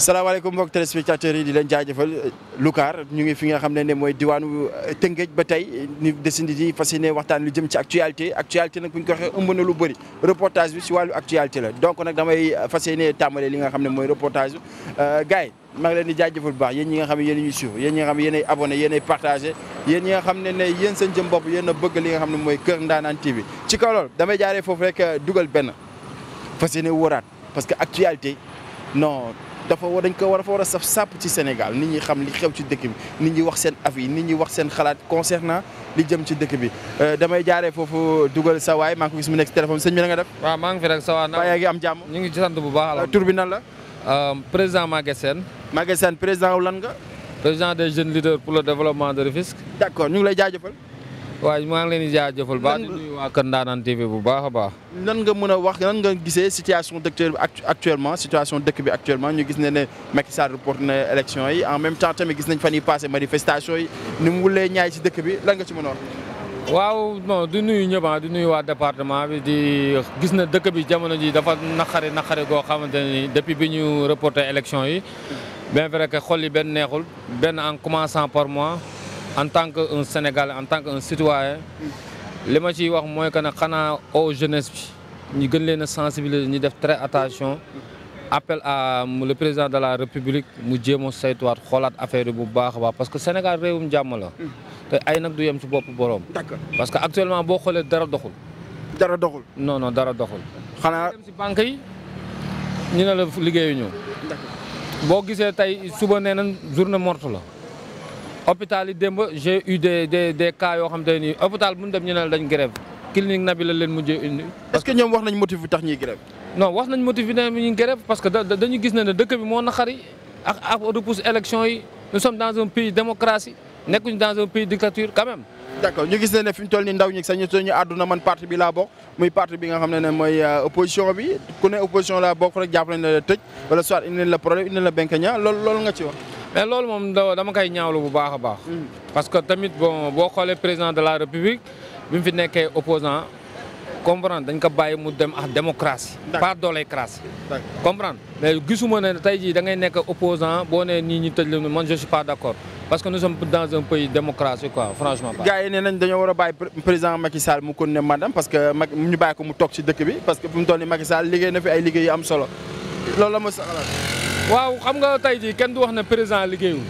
salaamaaleykum mbokk téléspectateurs yi di leen lu Lukaar ñu ngi fi nga xam ne ne mooy diwaanu euh, Tëngéej ba tey ñu desandi di fas ne waxtaan lu jëm ci actualité actualité nag bu ñu ko waxee ëmb na lu bëri reportage bi si wàllu actualité la donc nag damay euh, fas yéene tàmbalee li nga xam ne mooy reportage bi euh, gars yi maa ngi leen di jaajëfal bu baax yéen ñi nga xam ne yéen a ñuy yéen ñi nga xam ne yéen ay abonné nga xam ne ne yéen seen jëm bopp yéen a bëgg li nga xam ne mooy Kër Ndaanaan TV ci kaw loolu damay jaare foofu rek dugal benn fas yéene wóoraat parce que actualité non dafa war dañ ko war a dafa war a saf sàpp ci Sénégal nit ñi xam li xew ci dëkk bi ni ñi wax seen avis ni ñi wax seen xalaat concernant li jëm ci dëkk bi euh, damay jaaree foofu dugal sawaay maa ngi ko gis mu nekk si téléphone sëñ bi na def. waaw maa ngi fi rek sa waay. waaye ngi am jàmm ñu ngi ci sant bu baax. Euh, tur bi nan la. Euh, président Maguette Sène. Maguette Sène président wu lan nga. président des jeunes leaders pour le développement de Rufisque. d' ñu ngi lay jaajëfal. waaye maa ngi leen di jaajëfal baax di nuyu waa Kër Ndanane TV bu baax a baax. nan nga mën a wax nan nga gisee situation dëkk bi actuellement situation dëkk bi actuellement ñu gis ne ne Macky Sall reporté na élection yi en même temps tamit gis nañ fan yii passé manifestation yi ni mu wulee ñaay si dëkk bi lan nga ci mën wax. waaw bon du nuyu ñëpp ah, di nuyu waa département bi di gis na dëkk bi jamono ji dafa naqari naqari goo xamante ni depuis bi ñu reporté élection yi bien vrai que xol yi benn neexul benn en commençant par moi. en tant que un Sénégalais en tant que un citoyen li ma ciy wax mooy que ne xanaa au jeunesse bi ñu gën leen a sensibiliser ñu def très attention appel à le président de la république mu jéem a saytuwaat xoolaat affaire bu baax a baax parce que Sénégal réewum jàmm la. te ay nag du yem ci bopp boroom. d'accord parce que actuellement boo xoolee dara doxul. dara doxul non dara doxul. xanaa dem ci banque yi ñu ne la liggéeyuñu. d'accord boo gisee tey suba nee na journée morte la. hôpital yi démb j'ai eu des des des cas yoo xam te nii hôpital bu ñu ñu ne dañ grève clinique Naby la leen mujjee indi. est que ñoom wax nañ motif bi tax ñuy grève. non wax nañ motif bi ne ne ne dëkk bi moo naqari ak ak repousse élection yi nous sommes dans un pays démocratie nekkuñu dans un pays dictature quand même. ñu gis ne ne fi ñu toll nii ndaw ñi sax ñu àdduna man parti bi laa bokk muy parti bi nga xam ne ne mooy euh, opposition bi ku ne opposition la tëj wala mais loolu moom dama koy ñaawlu bu baax a baax. Mm. parce que tamit bon boo xoolee président de la république bi mu fi nekkee opposant comprendre dañ ko bàyyi mu dem ak démocratie. pas doole crasse. comprendre mais gisuma ne tey jii nekk opposant boo nee nii ñu tëj la man je suis pas d' accord parce que nous sommes pays démocratique quoi yi nee nañ dañoo war a bàyyi président Macky Sall mu continuer madame parce que Macky ñu bàyyi ko mu toog ci dëkk bi parce que fi mu toll nii Macky Sall liggéey na fi ay solo loolu la ma waaw xam nga tey jii kenn du wax ne président liggéeyul.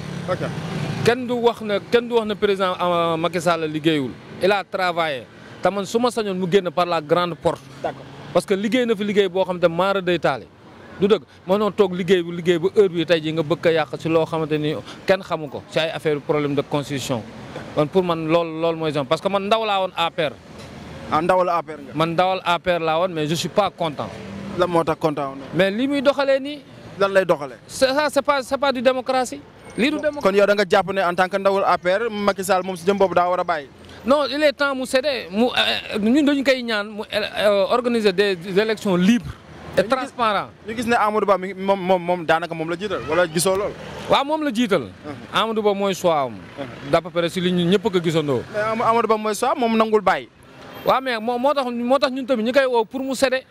kenn du wax ne kenn du wax ne président euh, Macky Sall liggéeyul il a travaillé te man su ma sañoon mu génn par la grande porte. d'accord parce que liggéey na fi liggéey boo xam te maara day taale. du dëgg mënoo toog liggéey bu liggéey bu heure bi tey jii nga bëgg a yàq si loo xamante ni kenn xamu ko ci ay affaire problème de constitution man pour man lool loolu mooy genre parce que man ndaw laa woon APR. ah ndawal APR man ndawal APR laa woon mais je suis pas content. lan moo tax content lan lay doxalee. ça c'est pas c'est pas du démocratie. lii du démocratie kon yow da nga jàpp ne en ndawul APR Macky Sall si jëm boobu daa war a bàyyi. non il est temps mu cédé mu euh, ñun dañu koy euh, euh, organiser des élections libres et transparentes. ñu moom daanaka moom la jiital wala gisoo lool. waaw moom la jiital. Uh-huh. Amadou Ba mooy choix am. d'à peu près si li ñun ñëpp ko gisandoo. mais Amadou Ba mooy choix moom nangul bàyyi. waaw mais moo tax moo tax ñun tamit ñu koy woo pour mu cédé.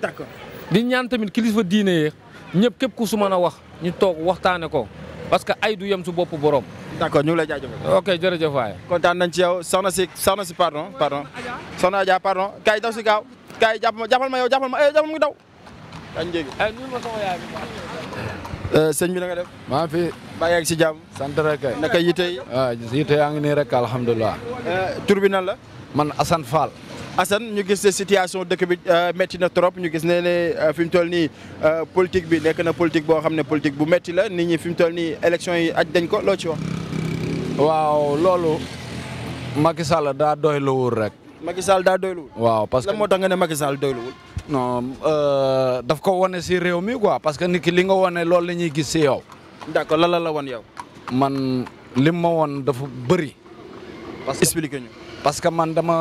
d'accord di ñaan tamit kilifa diine ñëpp képp ku su mën a wax ñu toog waxtaane ko parce que ay du yem su bopp borom. d'accord ñu ngi lay jaajëfal. ok jërëjëf waay. kontaan nañ ci yow soxna si soxna si pardon pardon soxna Adja pardon kaay daw si gaaw kaay jàpp ma jàppal ma yow jàppal ma eh jàppal mu eh, ma sama eh, na nga def. fi. mbaa ngi si jàmm. sant rek kay. naka yite yi. waaw yite yaa ngi nii rek alhamdulilah. Eh, tur bi nan la. man Assane Fall. Assane ñu gis ne situation dëkk bi euh, métti na trop ñu gis ne ne euh, fi mu toll nii euh, politique bi nekk na politique boo xam ne politique bu métti la nit ñi fi mu toll nii élection yi aj dañ ko loo ci wax. waaw loolu Macky Sall daa doyluwul rek. Macky Sall daa doyluwul. waaw parce que moo tax ne Macky Sall doyluwul. non ko wane si réew mi quoi parce que nit ki li nga wane loolu la ñuy gis si yow. d'accord lan la la wan yow. man lim ma woon dafa bëri. parce ñu. parce que man dama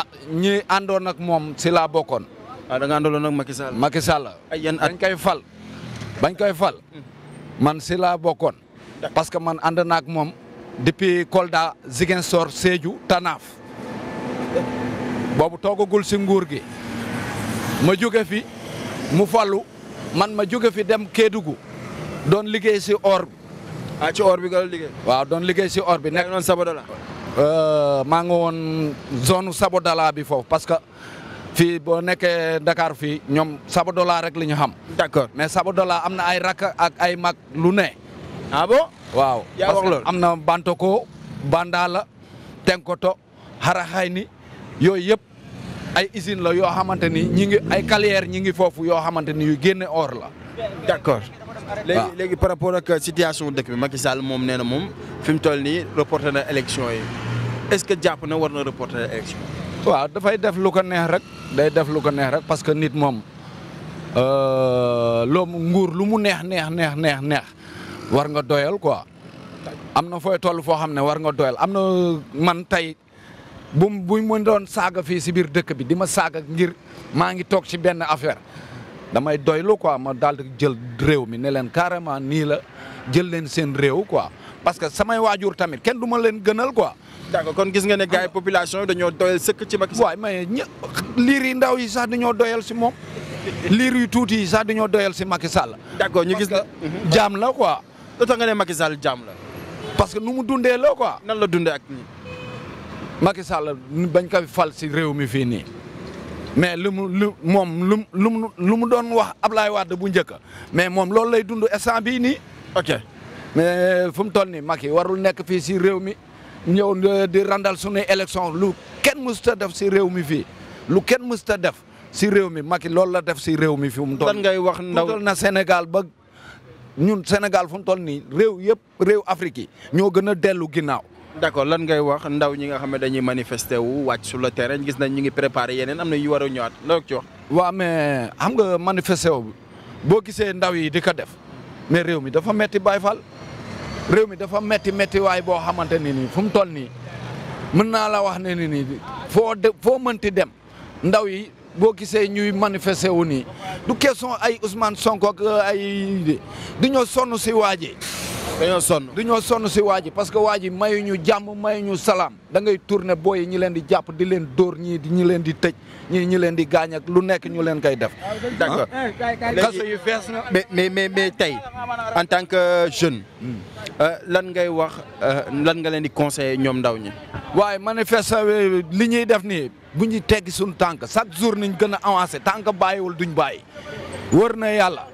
ah ñi àndoon ak moom si laa bokkoon. ah da nga àndaloon ak yan at koy fal. bañ koy fal man si laa bokkoon. parce que man ànd naak moom depuis Kolda Ziguinchor Sédhiou Tanaaf. boobu toogagul si nguur gi. ma jóge fi mu fallu man ma jóge fi dem Kédougou doon liggéey si or bi. ah bi nga liggéey. waaw doon liggéey si or bi. nekk noonu Euh, maa ngi woon zone Sabodala bi foofu parce que fii boo nekkee Dakar fii ñoom Sabodala rek li ñu xam. d'accord mais Sabodala am na ay rakk ak ay mag lu ne. ah bon waaw. yaa wax loolu am na Bantoko Bandala Tenkoto Haraxayni yooyu yëpp ay usine la yoo xamante ni ñi ngi ay carrière ñi ngi foofu yoo xamante ni yu génne or la. d'accord léegi léegi par rapport ak situation dëkk bi Macky Sall moom nee na moom fi mu toll nii reporté na élection yi. est-ce que jàpp na war na reporter élection. waaw dafay def lu ko neex rek day def lu ko neex rek parce que nit moom euh, loom nguur lu mu neex neex neex neex neex war nga doyal quoi am na fooy toll foo xam ne war nga doyal am na man tey bu bu mu doon saaga fii si biir dëkk bi di ma saaga ngir maa ngi toog ci benn affaire damay doylu quoi ma daal di jël réew mi ne leen carrément nii la jël leen seen réew quoi parce que samay waajur tamit kenn du ma leen gënal quoi. d'accord kon gis nga ne gars yi population yi dañoo doyal sëkk ci Macky Sall. waay mais ñë liir yi ndaw yi sax dañoo doyal si moom liir yi tuuti yi sax dañoo doyal si Macky Sall. d'accord ñu gis la mhm. jaam la quoi. lu tax nga jaam la. parce que nu mu dundee la quoi. nan la dundee ak ñi. Macky Sall bañ ko fal si réew mi fii nii. mais lu mu lu moom lu lu mu lu mu doon wax Ablaye Wade bu njëkk mais moom loolu lay dund instant bii nii. ok mais fu mu toll nii Macky warul nekk fii si réew mi. ñëw di randal sunu élection lu kenn mësta def si réew mi fii lu kenn mësta def si réew mi Macky loolu la def si réew mi fi mu toll ngay wax ndaw na Sénégal ba ñun Sénégal fu mu toll nii réew yëpp réew Afrique yi ñoo gën a dellu ginnaaw d'accord lan ngay wax ndaw ñi nga xam ne dañuy manifester wu wàcc sur le terrain gis nañ ñu ngi préparé yeneen am na yi war a ñëwaat loolu ci wax waa mais xam nga manifester wu boo gisee ndaw yi di ko def mais réew mi dafa metti Baye Fall réew mi dafa metti metti waay boo xamante ne nii fu mu toll nii mën naa la wax ne ni nii foo de mënti dem ndaw yi boo gisee ñuy manifester wu nii du question ay Ousmane Sonko ak euh, ay du ñoo sonn si waajee dañoo sonn du ñoo sonn si waa parce que waa ji mayuñu jàmm mayuñu salaam dangay ngay tourné booy ñi leen di jàpp di leen dóor ñii ñi leen di tëj ñii ñi leen di gaañ ak lu nekk ñu leen koy def. d'accord ah, kaso yu fees na. mais mais mais tey en tant que jeune. Hmm. Euh, lan ngay wax euh, lan nga leen di conseiller ñoom ndaw ñi. waaye manifeste li ñuy def nii bu ñu teggi suñu tànk chaque jour niñ gën a avancé tànk bàyyiwul duñ bàyyi. wër na yàlla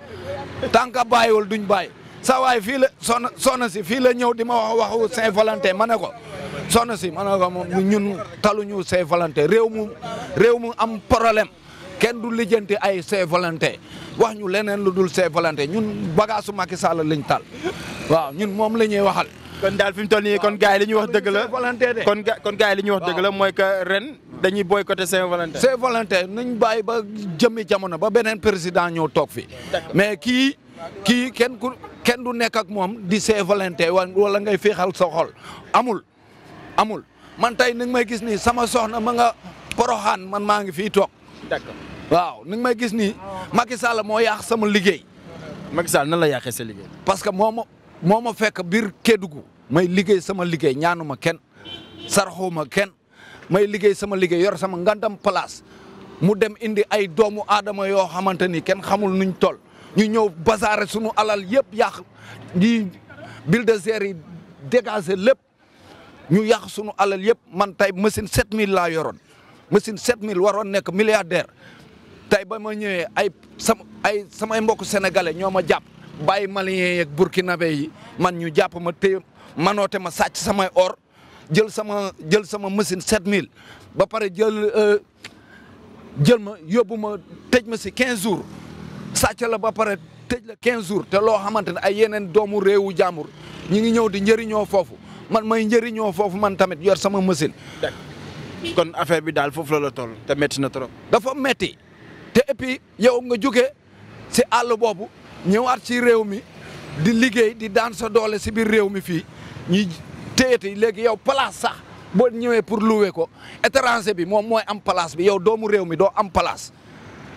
tànk bàyyiwul duñ bàyyi. sa waay fii la soxna soxna si fii la ñëw di ma wax waxu Saint-Valentin ma ne ko soxna si ma ne ko moom ñun taluñu Saint-Valentin réew mu réew mu am problème kenn du lijjanti ay Saint-Valentin wax ñu leneen lu dul Saint-Valentin ñun bagaasu Macky Sall lañ tal waaw ñun moom la ñuy waxal. kon daal fi mu toll nii kon gars yi li ñuy wax dëgg la kon ga kon gars li ñuy wax dëgg mooy que ren dañuy boycotter Saint-Valentin. Saint-Valentin nañ bàyyi ba jëmmi jamono ba beneen président ñëw toog fi mais kii kii kenn ku. kenn du nekk ak moom di Saint-Valentin wala ngay féexal sa xol amul amul man tey ni may gis ni sama soxna ma nga poroxaan man maa ngi fii toog. d'accord waaw ni nga may gis nii Macky moo yàq sama liggéey. Macky Sall nan la yàqee sa liggéey. parce que moo ma moo ma fekk biir Kédougou may liggéey sama liggéey ñaanu ma kenn sarxuma kenn may liggéey sama liggéey yor sama ngandam place mu dem indi ay doomu aadama yoo xamante ni kenn xamul nuñ toll. ñu ñëw basaare sunu alal yëpp yàq di bulldozer yi dégager lépp ñu yàq sunu alal yëpp man tey machine 7000 laa yoroon machine mille waroon nekk milliardaire tey ba ma ñëwee ay sam ay samay mbokku sénégalais ñoo ma jàpp bàyyi maliens yeeg burkinabé yi man ñu jàpp ma téye manoote ma sàcc samay or jël sama jël sama machine 7000 ba pare jël euh, jël ma yóbbu ma tej ma si quinze jours. sàcc la ba pare tëj la 15 jours te loo xamante ne ay yeneen doomu réewu jàmbur ñi ngi ñëw di njëriñoo foofu man may njëriñoo foofu man tamit yor sama machine. kon affaire bi daal foofu la la te métti na trop. dafa métti te et puis yow nga jóge si àll boobu ñëwaat si réew mi di liggéey di daan sa doole si biir réew mi fii ñuy téyati léegi yow place sax boo ñëwee pour louer ko étranger bi moom mooy am place bi yow doomu réew mi doo am place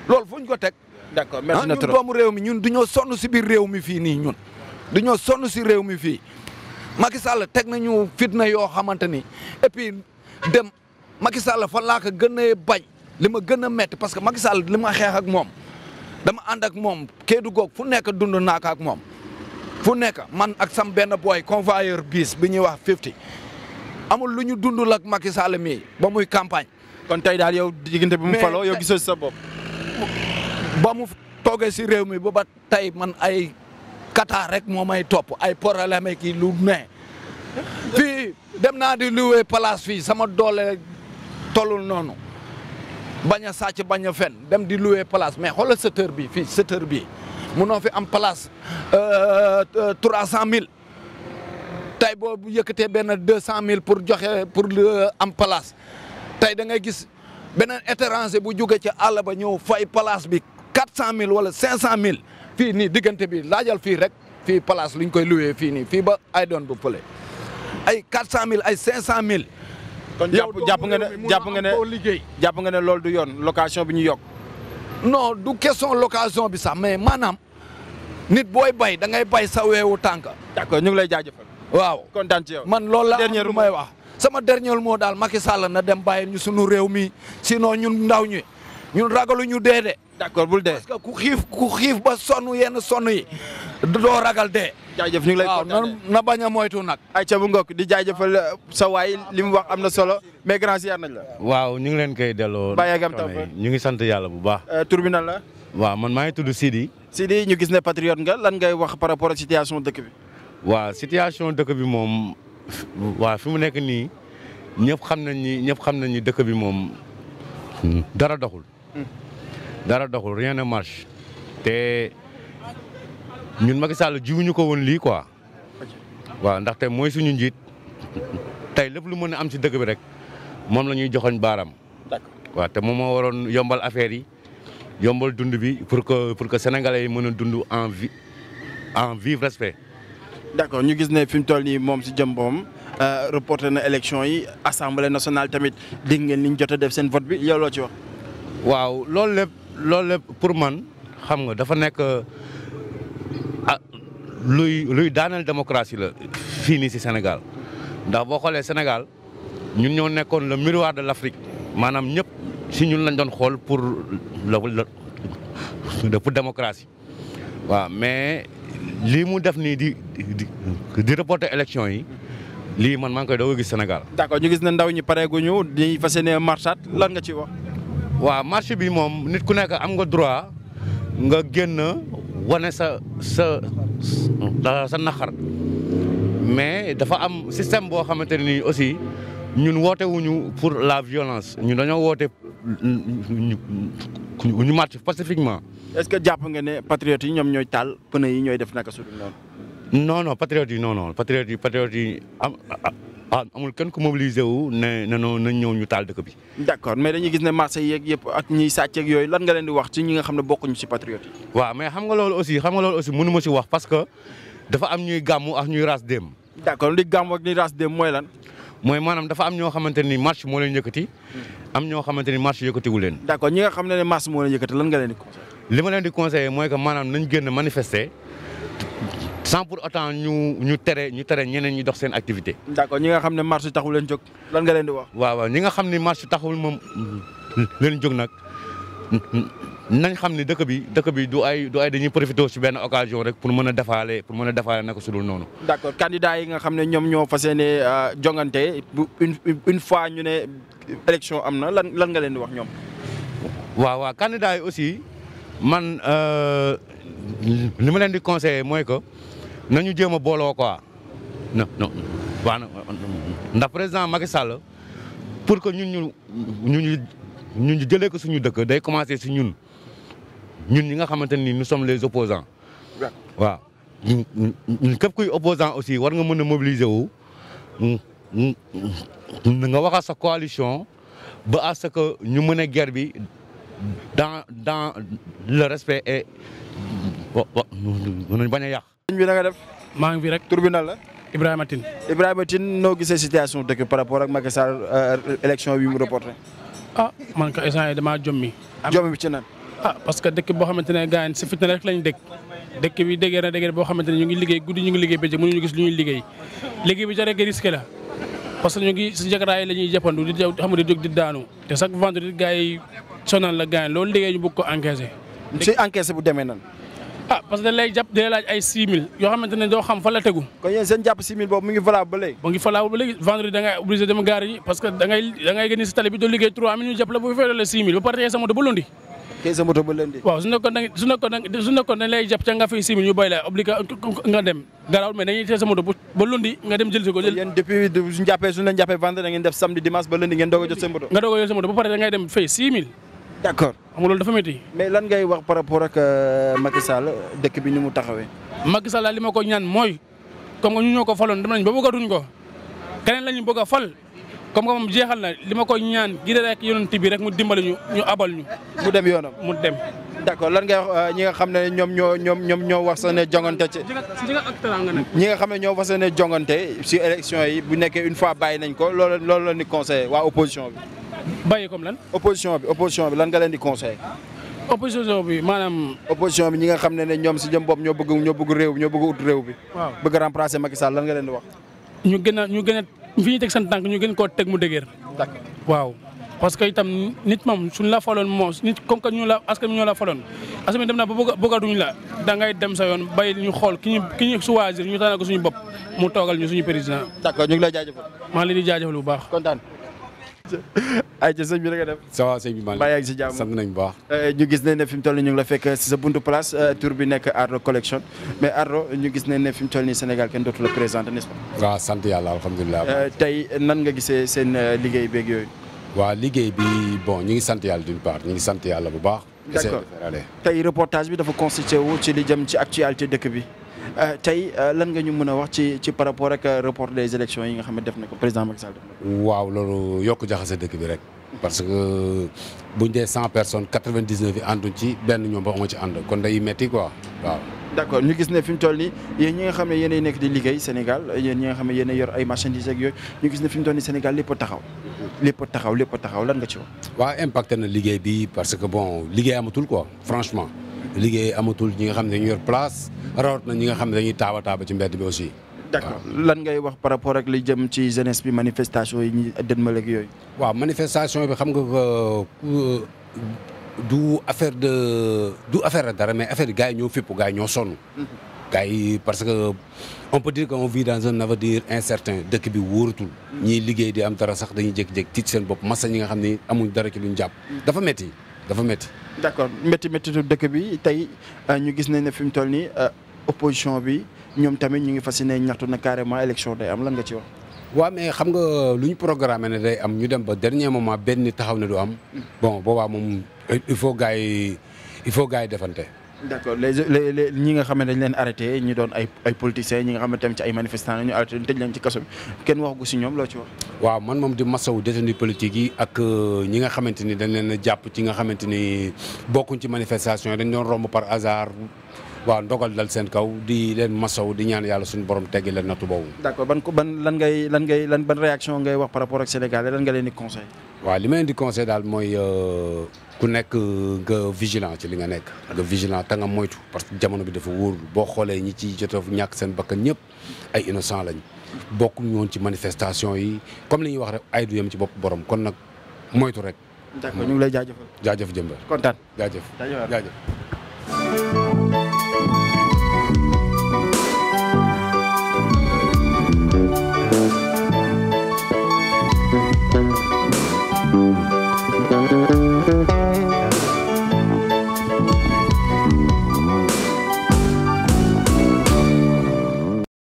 loolu fu ñu ko teg. d'accord ah, merci ñun doomu réew mi ñun duñoo sonn si biir réew mi fii nii ñun duñoo sonn si réew mi fii Macky Sall teg ñu fitna yoo xamante ni et puis dem Macky Sall fan laa ko gën bañ li ma gën a parce que Macky Sall li ma xeex ak moom dama ànd ak moom Kédougou fu nekk dund naa ak moom fu nekk man ak sam benn booy convoyeur bis bi ñuy wax fifty amul lu ñu dundul ak Macky Sall mii ba muy campagne. kon tey daal yow diggante bi mu faloo yow gisoo sa bopp. ba mu toogee si réew mi ba ba tey man ay Qatar rek moom may topp ay problème kii lu ne fii dem naa di louer palace fii sama doole tolul noonu bañ a sàcc bañ a fen dem di louer palace mais xoolal secteur bi fii secteur bi munoo fi am place euh, trois cent mille tey bu yëkkatee benn deux cent mille pour joxe pour euh, am place tey da ngay gis beneen étranger bu jóge ci àll ba ñëw fay place bi quatre cent mille wala cinq cent mille fii nii diggante bi laajal fii rek fii place luñ koy loué fii nii fii ba ay doon bu fële ay quatre cent mille ay cinq cent mille. kon jàpp jàpp nga ne jàpp nga ne jàpp nga ne loolu du yoon location bi ñu yokk. non du question location bi sax mais maanaam nit booy bay da ngay bay sa weewu tànk. d'accord ñu ngi lay jaajëfal. waaw kontaan ci man loolu la lu may wax. sama dernier mot daal Macky Sall na dem bàyyi ñu sunu réew mi sinon ñun ndaw ñi ñu dee de d'accord bul dee ku xiif ku xiif ba sonn yenn sonn yi doo ragal dee. ñu ngi lay na bañ a moytu nag. ay ca bu ngokk di jëfal euh, sa waay li mu wax am na solo mais grand ziar nañ la. waaw ñu ngi leen koy delloo. bàyyeekam taw ñu ngi sant yàlla bu baax. Euh, tur bi nan la. waaw man maa ngi tudd Sidi. Sidi ñu gis ne patriot nga lan ngay wax par rapport ak situation dëkk bi. waa situation dëkk bi moom waa fi mu nekk nii ñëpp xam nañ ni ñëpp xam nañ ni dëkk bi moom dara doxul. Hmm. dara doxul rien ne marche te ñun Macky Sall jiwuñu ko woon lii quoi waaw ndaxte mooy suñu njiit tey lépp lu mën a am si dëkk bi rek moom la ñuy joxoñ baaraam waaw te moom moo waroon yombal affaire yi yombal dund bi pour que pour que sénégalais yi mën a dund en vie en vive respect. d' accord ñu gis ne fi mu toll nii moom si jëm boom euh, reporté na élection yi assemblée nationale tamit dégg ngeen ni ñu jot def seen vote bi yow loo ci wax. loolu lépp pour man xam nga dafa nekk ah luy luy daaneel démocratie la fii nii si Sénégal ndax boo xoolee Sénégal ñun ñoo nekkoon le miroir de l'Afrique maanaam ñëpp si ñun lañ doon xool pour la pour démocratie waaw mais lii mu def nii di di di reporter élection yi. lii man maa ngi koy doog a gis Sénégal. d'accord ñu gis ne ndaw ñi pareeguñu di fas yéene marchat lan nga ci wax. waaw marché bi moom nit ku nekk am nga droit nga génn wane sa sa sa naqar mais dafa am système boo xamante nii aussi ñun woote wuñu pour la violence ñun dañoo woote ñu marche pacifiquement. est-ce que jàpp nga ne patriotes yi ñoom ñooy taal pneu yi ñooy def naka su dul noonu. non non yi non non yi patriotes yi am. ah amul kenn ku mobilisé wu ne na nañ ñëw ñu taal dëkk bi. d'accord mais dañuy gis ne marché yeeg yëpp ak ñiy sàcceeg yooyu lan nga leen di wax ci ñi nga xam ne bokkuñu ci patriote yi. waaw mais xam nga loolu aussi xam nga loolu aussi mënu ma wax parce que dafa am ñuy gàmmu ak ñuy raas dem. d'accord li gàmmu ak ñuy raas dem mooy lan. mooy maanaam dafa am ñoo xamante ni marche moo leen yëkkati. am ñoo xamante ni marche yëkkatiwu leen. d'accord ñi nga xam ne marche moo leen yëkkati lan nga leen di conseillé. li ma leen di sans pour autant ñu ñu tere ñu tere ñeneen ñi dox seen activité. d'accord ñi nga xam ne marche taxul leen jog lan nga leen di wax. waaw waaw ñi nga xam ne marche taxul moom leen jog nag nañ xam ne dëkk bi dëkk bi du ay du ay profité si benn occasion rek pour mën a defaale pour mën a defaale naka su dul noonu. d'accord candidat yi nga xam ne ñoom ñoo fas yéene euh, jongante bu une une fois ñu ne élection am na lan lan nga leen di wax ñoom. waaw waaw candidat yi aussi man euh, li ma leen di conseiller mooy que. nañu jéem a booloo quoi non non waaw ndax président Macky Sall pour que ñun ñu ñu ñu jëlee ko suñu dëkk day commencé si ñun ñun ñi nga xamante ni nous sommes les opposants waaw ñun képp kuy opposant aussi war nga mën a mobiliser wu nga wax sa coalition ba à ce que ñu mën a guerre bi dans dans le respect et bañ a yàq sëñ bi na nga def. maa ngi rek tur bi la. Ibrahima Tine. Ibrahima Tine noo gisee situation dëkk par rapport ak Macky Sall euh, élection bi mu reporté. ah man ko instant yii damaa jommi. jommi bi ci nan. ah parce que dëkk boo xamante ne gars yi si fitna rek lañ dëkk dëkk bi déggee na déggee boo xamante ne ñu ngi liggéey guddi ñu ngi liggéey bëccëg mënuñu gis lu ñuy liggéey liggéey bi jaree risque la parce que ñu ngi si jagaraay la ñuy jëppandu di xam di jóg di daanu te chaque vendredi gars yi sonal la gars ko encaissé. si encaissé bu demee nan ah parce que dañ lay jàpp day laaj ay 6000 yoo xamante ne doo xam fa la tegu. kon yéen seen jàpp 6000 boobu mu ngi valable ba léegi. mu ngi valable ba léegi vendredi da ngay obligé dem gaar yi parce que da ngay da ngay génn si tali bi doo liggéey 3000 ñu jàpp la bu fay la 6000 ba pare sa moto ba lundi. tey sa moto ba lundi. waaw su nekkoon da su nekkoon da su nekkoon dañ lay jàpp ca nga fay 6000 ñu boy la obligé nga dem garaawul mais dañuy tey sa moto ba lundi nga dem jël si ko. jël yéen depuis suñu jàppee suñu leen jàppee vendredi da ngeen def samedi dimanche ba lundi ngeen doog a jot seen moto. nga doog a jot seen moto ba pare da ngay dem fay 6000 d' accord xam loolu dafa métti. mais lan ngay wax par rapport ak euh, Macky Sall dëkk bi ñu mu taxawee. Macky Sall daal li ma ko ñaan mooy comme que ñu ñoo ko faloon dem nañ ba bëggatuñ ko keneen lañu bëgg a fal comme que moom jeexal na li ma ko ñaan gi rek yonent bi rek mu dimbali ñu ñu abal ñu. mu dem yoonam mu dem. d' accord lan euh, ñi nga xam ne ñoom ñoo ñoom ñoom ñoo wax sa ne jongante ñi nga xam ne ñoo wax sa ne jongante si élection yi bu nekkee une fois bàyyi nañ ko loolu loolu la ni conseillé waa opposition bi bàyyi comme lan opposition bi opposition bi lan nga leen di conseillé opposition bi maanaam opposition bi ñi nga xam ne ne ñoom si jëm bopp ñoo bëgg ñoo bëgg réew bi ñoo bëgg ut réew bi waaw bëgg remplacer Macky lan nga leen di wax ñu gën a ñu gën a fi ñu teg seen tànk ñu gën koo teg mu dëgër waaw parce que itam nit moom suñu la faloon moo nit comme que ñu la askan ñoo la faloon askan dem na ba bëggatuñ la da ngay dem sa yoon bay ñu xool ki ñu ki ñu choisir ñu suñu bopp mu toogal ñu suñu président. d'accord ñu ngi lay jaajëfal. maa ngi leen bu baax. kontaan. ayca sëñ bi def. ça va sëñ bi maa ngi si jàmm sant nañu bu baax. Euh, ñu gis nañ ne fi mu toll nii ñu ngi la fekk si sa buntu place euh, tour bi nekk Ardo collection mais Ardo ñu gis ne ne fi mu toll nii Sénégal kenn dootu la présenté n'est-ce waaw sant yàlla alhamdulilah. Euh, tey nan nga gisee seen liggéey beeg yooyu waaw liggéey bi bon ñu ngi sant yàlla d'une part ñu ngi sant yàlla bu baax. d'accord tey reportage bi dafa constitué wu ci li jëm ci actualité dëkk bi euh, tey euh, lan nga ñu mën a wax ci ci par rapport ak euh, report des élections yi nga xam ne def na ko président Macky Sall. waaw loolu yokk jaxase dëkk bi rek. parce que buñ dee cent personnes quatre-vingt-dix-neuf yi ànduñ ci benn ñoom ba moo ci ànd kon day metti quoi waaw. ñu gis ne fi mu toll nii yéen ñi nga xam ne yéenay nekk di liggéey Sénégal yéen ñi nga xam ne yéenay yor ay marchandises ak yooyu ñu gis ne fi mu toll nii Sénégal lépp taxaw lépp taxaw lépp taxaw lan nga ci wax. waaw impacté na liggéey bi parce que bon liggéey amatul ko franchement. liggéey amatul ñi nga xam ne dañu yor place rawat na ñi nga xam ne dañuy taaba taaba ci mbedd bi aussi. d'accord lan ngay wax par rapport ak li jëm ci jeunesse bi manifestation yi ñuy dënmal ak yooyu. waaw manifestation bi xam nga euh, du affaire de du affaire dara mais affaire gars yi ñoo fépp gars ñoo sonn. Mhm. gars yi parce que on peut dire que on vit dans un avenir incertain dëkk bi wóoratul. ñiy liggéey di am dara sax dañuy jékki-jékki tiit seen bopp massa ñi nga xam ni amuñ dara ci luñ jàpp. dafa métti dafa métti. d'accord métti métti dëkk bi tey euh, ñu gis nañ ne fi mu toll nii euh, opposition bi ñoom tamit ñu ngi fas yéene ñaxtu na carrément élection day am lan nga ci wax. waaw mais xam nga lu ñu programmé ne day am ñu dem ba dernier moment benn taxaw ne du am. Mm. bon boobaa moom il faut gars yi il faut gars yi defante. d' accord les les ñi nga xam ne dañ leen arrêté ñu doon ay ay ñi nga xam ne tamit ci ay manifestants ñu arrêté tëj leen ci kaso kenn wax gu si ñoom loo ci wax. waaw man moom di masawu détenu politique yi ak euh, ñi nga xamante ni dañ leen a jàpp ci nga xamante ni bokkuñ ci manifestation dañ doon romb par hasard. waaw ndogal dal seen kaw di leen masaw di ñaan yàlla suñu borom teggi leen nattu boobu. d' accord ban ban lan ngay lan ngay lan ban réaction ngay wax par rapport ak Sénégal lan nga leen di conseil waaw li ma leen di conseil daal mooy euh, ku nekk euh, nga vigilant ci li nga nekk nga vigilant te nga moytu parce que jamono bi dafa wóor boo xoolee ñi ci jot a ñàkk seen bakkan ñëpp ay innocent lañ bokk ñu woon ci manifestation yi comme li ñuy wax rek ay du yem ci bopp borom kon nag moytu rek. d'accord ñu ngi lay jaajëfal. jaajëf jëmbal kontaan jaajëf jaajëf.